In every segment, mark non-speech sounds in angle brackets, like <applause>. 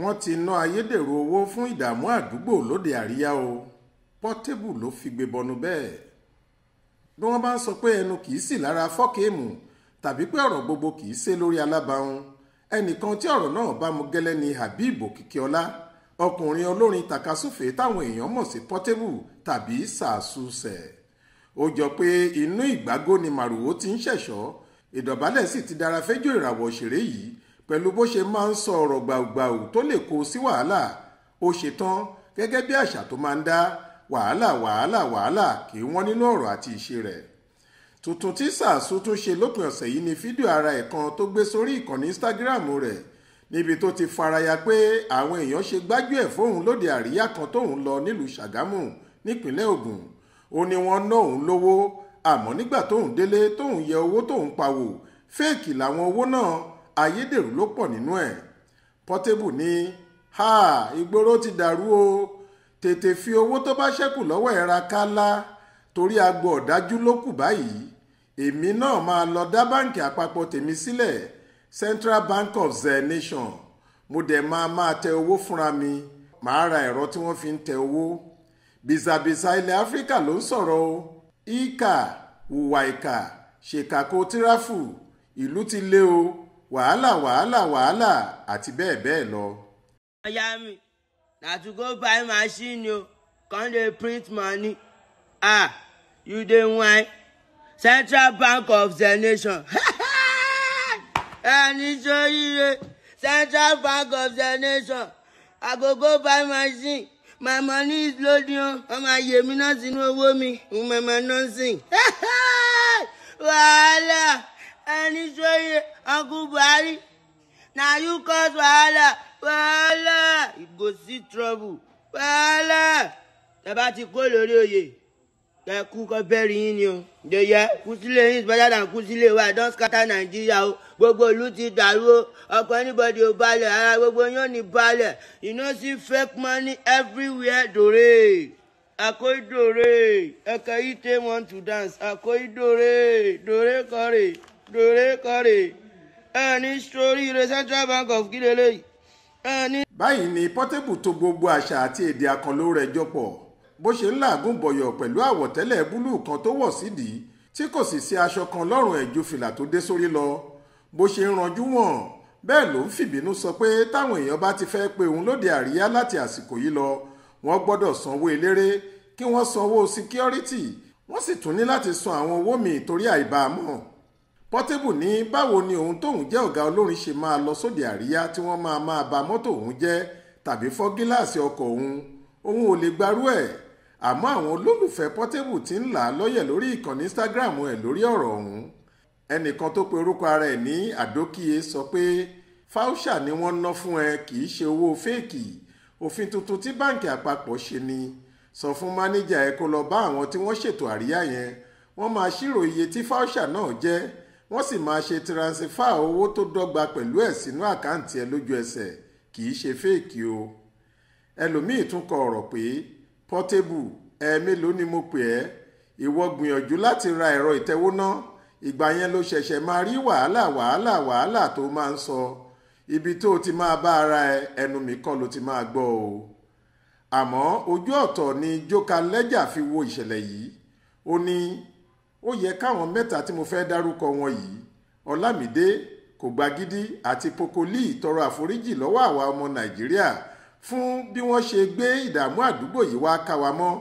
wọ́n ti ná ayédèrú owó fún ìdààmú àdúgbò lóde àríyá o pọ́tébù ló fi gbé bọnu bẹ́ẹ̀ bí wọ́n bá ń sọ pé ẹnu kì í sì lára fọ́kéèmù tàbí pé ọ̀rọ̀ gbogbo kì í ṣe lórí alábàáhùn ẹnìkan tí ọ̀rọ̀ náà bá mu gẹ́lẹ́ ni Habib Okikiola ọkùnrin olórin takasúfèé táwọn èèyàn mọ̀ sí pọ́tébù tàbí sàásùsẹ̀ ó jọ pé inú ìgbágó ni màrúwó ti ń ṣẹ̀ṣọ́ ìdọ̀bálẹ̀ sì ti dára fẹ́jọ́ ìràwọ̀ òṣèré yìí pẹ̀lú bó ṣe máa ń sọ ọ̀rọ̀ gbàùgbàù tó lè kó sí wàhálà ó ṣetán gẹ́gẹ́ bí àṣà tó máa ń dá wàhálà wàhálà wàhálà kì í wọ́n nínú ọ̀rọ̀ àti ìṣe rẹ̀ tuntun tí sàásù tún ṣe lópin ọ̀sẹ̀ yìí ni fídíò ara ẹ̀ kan tó gbé sórí ìkànnì Instagram rẹ̀ níbi tó ti faraya pé àwọn èèyàn ṣe gbájú ẹ̀ fóun lóde àríyá kan tóun lọ nílùú Ṣàgámù nípínlẹ̀ Ògùn ó ní wọ́n ná òun lówó àmọ́ nígbà tóun délé tóun yẹ owó tóun pa wò fẹ́ẹ̀kì làwọn owó náà ayédèrú ló pọ̀ nínú ẹ̀ Portable ní ha ìgboro ti dàrú o tètè fi owó tó bá ṣẹ́kù lọ́wọ́ ẹ̀ ra kálá torí agbo ọ̀dájú ló kù báyìí èmi náà máa lọ dá báǹkì àpapọ̀ tèmi sílẹ̀ Central Bank of the Nation mo dẹ̀ máa máa tẹ owó fúnra mi màá ra ẹ̀rọ tí wọ́n fi ń tẹ owó bìsàbìsà ilẹ̀ Áfíríkà ló ń sọ̀rọ̀ o ìkà hùwà ìkà ṣèkàkò tíráfù ìlú ti lé o wàhálà wàhálà wàhálà àti bẹ́ẹ̀ bẹ́ẹ̀ lọ. ọ̀yá mi na to go buy machine o come dey print money ah you dey whine central bank of the nation <laughs> ẹni sóríire central bank of the nation i go go buy machine my money is loading o ọmọ ayé mi náà sínú owó mi ìmọ̀mọ̀ nọ́ọ̀sìn <laughs> wàhálà. na you cause wahala wahala you go see trouble wahala tẹ ti kó lórí oyè kẹ kú kọ bẹ̀rù yín ni o yẹyẹ kú sílé is better than kú wa don scatter Nigeria o gbogbo olu ti dàrú o ọkọ anybody o balẹ̀ ara gbogbo yoni ní balẹ̀ you no see fake money everywhere dòre akoidore ẹkẹ yìí tẹ want to dance akoidore dore kọrè dore kọrè. ẹni sóríire Central Bank of kí leléyìí ẹni. báyìí ni Portable tó gbogbo àṣà àti èdè àkànlò rẹ̀ jọ pọ̀ bó ṣe ń làágùn bọ̀yọ̀ pẹ̀lú àwọ̀tẹ́lẹ̀ búlúù kan tó wọ̀ sídìí tí kò sì sí aṣọ kan lọ́rùn ẹ̀ fìlà tó dé sórí lọ bó ṣe ń ranjú wọ̀n bẹ́ẹ̀ ló ń fìbínú sọ pé táwọn èèyàn bá ti fẹ́ pe òun lóde àríyá láti àsìkò yìí lọ wọ́n gbọ́dọ̀ sanwó eléré kí wọ́n sanwó síkíọ́rítì wọ́n sì tún ní láti san àwọn owó míì torí àìbámọ̀ Portable ní báwo ni òun tóun jẹ́ ọ̀gá olórin ṣe máa lọ sóde àríyá tí wọ́n máa máa ba mọ́tò òun jẹ́ tàbí fọ́ gíláàsì ọkọ̀ òun òun ò lè gbarú ẹ̀ àmọ́ àwọn olólùfẹ́ Portable ti ń là á lọ́yẹ̀ lórí ìkànnì Instagram ẹ̀ lórí ọ̀rọ̀ ọ̀hún ẹnìkan tó pe orúkọ ara ẹ̀ ní àdókìyé sọ pé fáúṣà ni wọ́n ná fún ẹ kì í ṣe owó fẹ́ẹ̀kì òfin tuntun tí báǹkì àpapọ̀ ṣe ni sọ fún mánéjà ẹ kó lọ bá àwọn tí wọ́n ṣètò àríyá yẹn wọ́n máa ṣírò iye tí fáúṣà náà jẹ́ wọ́n sì máa ṣe tiransifá owó tó dọ́gba pẹ̀lú ẹ̀ sínú àkáǹtì ẹ lójú ẹsẹ̀ kì í ṣe fẹ́ẹ̀kì o ẹlòmíì tún kọ ọ̀rọ̀ pé Portable ẹ̀ẹ́mélòó ni mo pè ẹ́ ìwọ gbìyànjú láti ra ẹ̀rọ ìtẹ̀wó náà ìgbà yẹn ló ṣẹ̀ṣẹ̀ máa rí wàhálà wàhálà wàhálà tó máa ń sọ ibi tó ti máa bá ara ẹ ẹnu mi kọ́ ló ti máa gbọ́ o àmọ́ ojú ọ̀tọ̀ ni Joka Lẹ́jà fi wo ìṣẹ̀lẹ̀ yìí ó ní ó yẹ káwọn mẹ́ta tí mo fẹ́ dárúkọ wọn yìí ọlámídé kògbágídí àti pokoli tọrọ àforíjì lọ́wọ́ àwa ọmọ nàìjíríà fún bí wọ́n ṣe gbé ìdààmú àdúgbò yìí wá káwa mọ́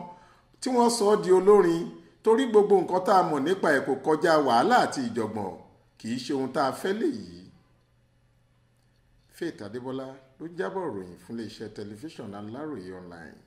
tí wọ́n sọ ọ́ di olórin torí gbogbo nǹkan tá a mọ̀ nípa ẹ̀ kò kọjá wàhálà àti ìjọ̀gbọ̀n kì í ṣe ohun tá a fẹ́ léyìí. Faith Adébọlá ló jábọ̀ ròyìn fún iléeṣẹ́ tẹlifíṣàn Aláròye online.